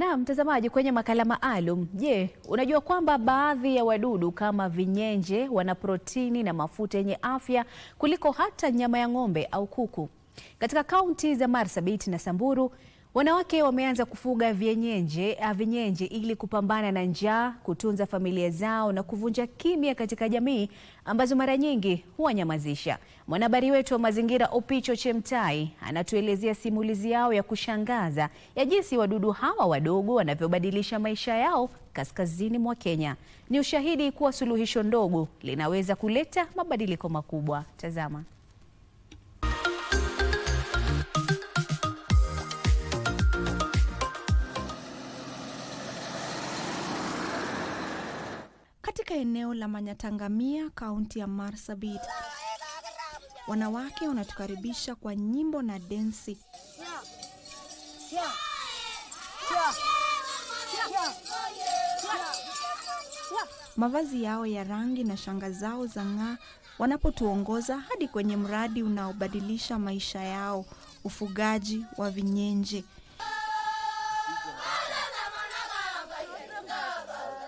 Na mtazamaji, kwenye makala maalum, je, unajua kwamba baadhi ya wadudu kama vinyenje wana protini na mafuta yenye afya kuliko hata nyama ya ng'ombe au kuku? Katika kaunti za Marsabit na Samburu, wanawake wameanza kufuga vyenyenje ah, vyenyenje ili kupambana na njaa, kutunza familia zao na kuvunja kimya katika jamii ambazo mara nyingi huwanyamazisha. Mwanahabari wetu wa mazingira Opicho Chemtai anatuelezea simulizi yao ya kushangaza ya jinsi wadudu hawa wadogo wanavyobadilisha maisha yao kaskazini mwa Kenya. Ni ushahidi kuwa suluhisho ndogo linaweza kuleta mabadiliko makubwa. Tazama. katika eneo la Manyatangamia, kaunti ya Marsabit. Wanawake wanatukaribisha kwa nyimbo na densi. Mavazi yao ya rangi na shanga zao za ng'aa wanapotuongoza hadi kwenye mradi unaobadilisha maisha yao, ufugaji wa vinyenje.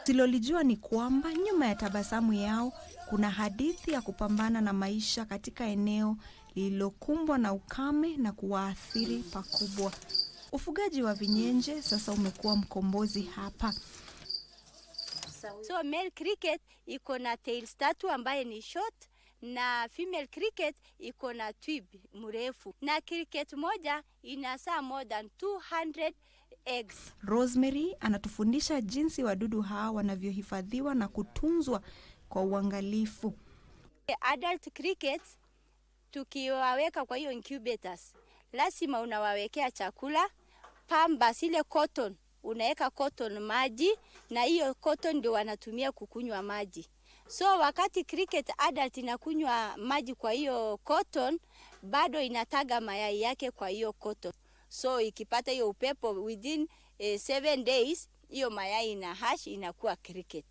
Silolijua ni kwamba nyuma ya tabasamu yao kuna hadithi ya kupambana na maisha katika eneo lililokumbwa na ukame na kuwaathiri pakubwa. Ufugaji wa vinyenje sasa umekuwa mkombozi hapa. So male cricket iko na tail tatu ambaye ni short na female cricket iko na twib mrefu, na cricket moja ina saa more than eggs. Rosemary anatufundisha jinsi wadudu hawa wanavyohifadhiwa na kutunzwa kwa uangalifu. Adult crickets tukiwaweka kwa hiyo incubators, lazima unawawekea chakula pamba, ile cotton unaweka cotton maji, na hiyo cotton ndio wanatumia kukunywa maji. So wakati cricket adult inakunywa maji kwa hiyo cotton, bado inataga mayai yake kwa hiyo cotton. So ikipata hiyo upepo within eh, seven days hiyo mayai ina hash inakuwa cricket.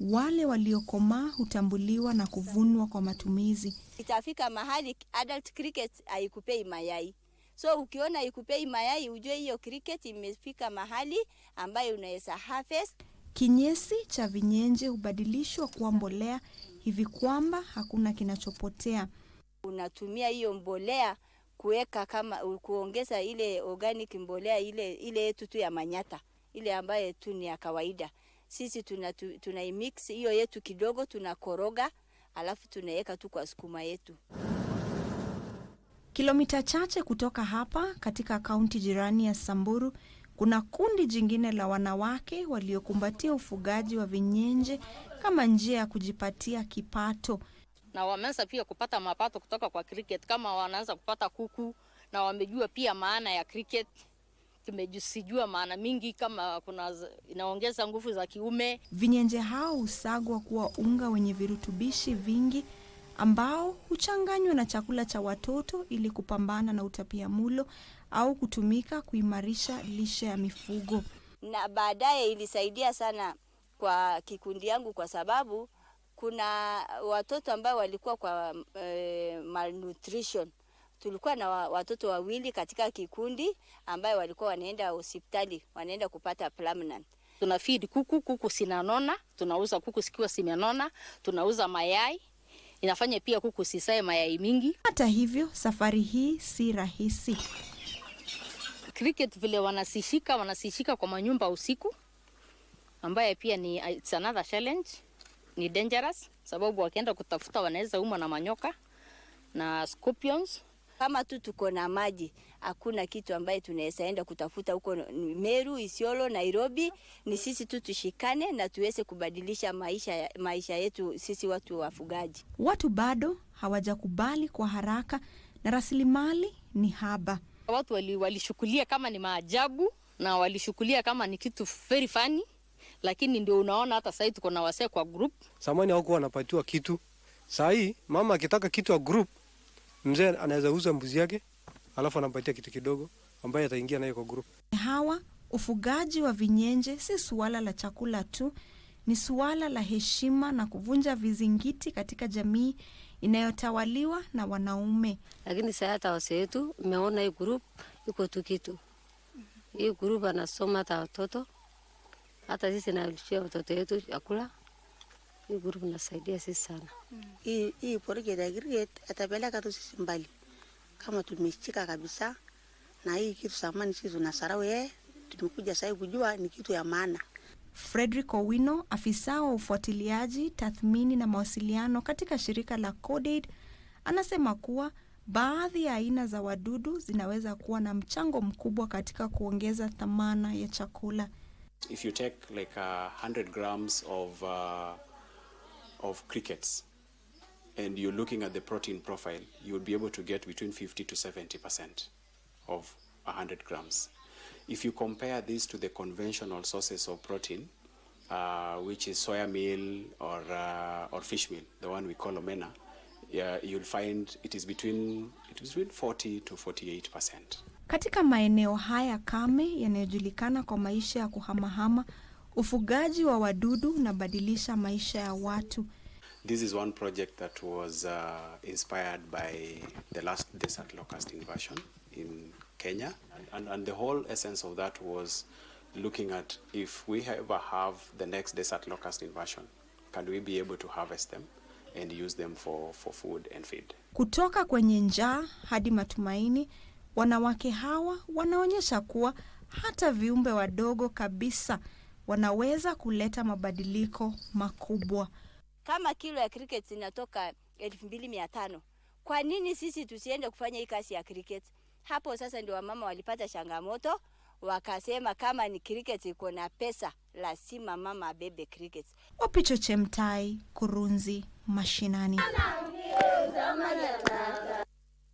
Wale waliokomaa hutambuliwa na kuvunwa kwa matumizi. Itafika mahali adult cricket haikupei mayai. So ukiona ikupei mayai ujue hiyo cricket imefika mahali ambayo unaweza harvest. Kinyesi cha vinyenje hubadilishwa kuwa mbolea hivi kwamba hakuna kinachopotea. Unatumia hiyo mbolea kuweka kama kuongeza ile organic mbolea ile ile yetu tu ya manyata ile ambayo tu ni ya kawaida. Sisi tuna tu, tuna mix hiyo yetu kidogo tunakoroga, alafu tunaweka tu kwa sukuma yetu. Kilomita chache kutoka hapa katika kaunti jirani ya Samburu kuna kundi jingine la wanawake waliokumbatia ufugaji wa vinyenje kama njia ya kujipatia kipato na wameanza pia kupata mapato kutoka kwa cricket, kama wanaanza kupata kuku na wamejua pia maana ya cricket. Tumejisijua maana mingi kama kuna inaongeza nguvu za kiume. Vinyenje hao husagwa kuwa unga wenye virutubishi vingi ambao huchanganywa na chakula cha watoto ili kupambana na utapiamulo au kutumika kuimarisha lishe ya mifugo. Na baadaye ilisaidia sana kwa kikundi yangu kwa sababu kuna watoto ambao walikuwa kwa e, malnutrition. Tulikuwa na watoto wawili katika kikundi ambayo walikuwa wanaenda hospitali, wanaenda kupata Plamnan. Tuna feed kuku, kuku sinanona, tunauza kuku sikiwa simenona, tunauza mayai inafanya pia kuku sisae mayai mingi. Hata hivyo safari hii si rahisi. Cricket vile wanasishika, wanasishika kwa manyumba usiku, ambaye pia ni it's another challenge ni dangerous sababu wakienda kutafuta wanaweza umwa na manyoka na scorpions. Kama tu tuko na maji, hakuna kitu ambaye tunaweza enda kutafuta huko Meru, Isiolo, Nairobi. Ni sisi tu tushikane na tuweze kubadilisha maisha, maisha yetu sisi watu wafugaji. Watu bado hawajakubali kwa haraka na rasilimali ni haba. Watu walishukulia kama ni maajabu na walishukulia kama ni kitu very funny lakini ndio unaona hata sahii tuko na wasee kwa group. Samani haukuwa wanapatiwa kitu, sahii mama akitaka kitu ya group, mzee anaweza uza mbuzi yake alafu anampatia kitu kidogo ambaye ataingia naye kwa group. Hawa ufugaji wa vinyenje si suala la chakula tu, ni suala la heshima na kuvunja vizingiti katika jamii inayotawaliwa na wanaume. Lakini sasa hata wase wetu, meona hii group iko tu kitu, hii group anasoma hata watoto hata sisi nalishia watoto wetu chakula. Hii grupu nasaidia sisi sana. Mm. Hii hii project ya cricket atapeleka tu sisi mbali, kama tumechika kabisa na hii kitu. Samani sisi tunasarau yeye, tumekuja sasa kujua ni kitu ya maana. Frederick Owino, afisa wa ufuatiliaji, tathmini na mawasiliano katika shirika la CODED, anasema kuwa baadhi ya aina za wadudu zinaweza kuwa na mchango mkubwa katika kuongeza thamani ya chakula. if you take like uh, 100 grams of, uh, of crickets and you're looking at the protein profile, you'll be able to get between 50 to 70% of 100 grams. If you compare this to the conventional sources of protein, uh, which is soya meal or, uh, or fish meal, the one we call omena, yeah, you'll find it is between, it is between 40 to 48 percent. Katika maeneo haya kame yanayojulikana kwa maisha ya kuhamahama, ufugaji wa wadudu unabadilisha maisha ya watu. This is one project that was uh, inspired by the last desert locust invasion in Kenya. And, and, and the whole essence of that was looking at if we ever have the next desert locust invasion, can we be able to harvest them and use them for, for food and feed? Kutoka kwenye njaa hadi matumaini Wanawake hawa wanaonyesha kuwa hata viumbe wadogo kabisa wanaweza kuleta mabadiliko makubwa. Kama kilo ya cricket inatoka elfu mbili mia tano kwa nini sisi tusiende kufanya hii kazi ya cricket? Hapo sasa ndio wamama walipata changamoto, wakasema kama ni cricket iko na pesa, lazima mama abebe cricket. Wapicho Chemtai, Kurunzi Mashinani.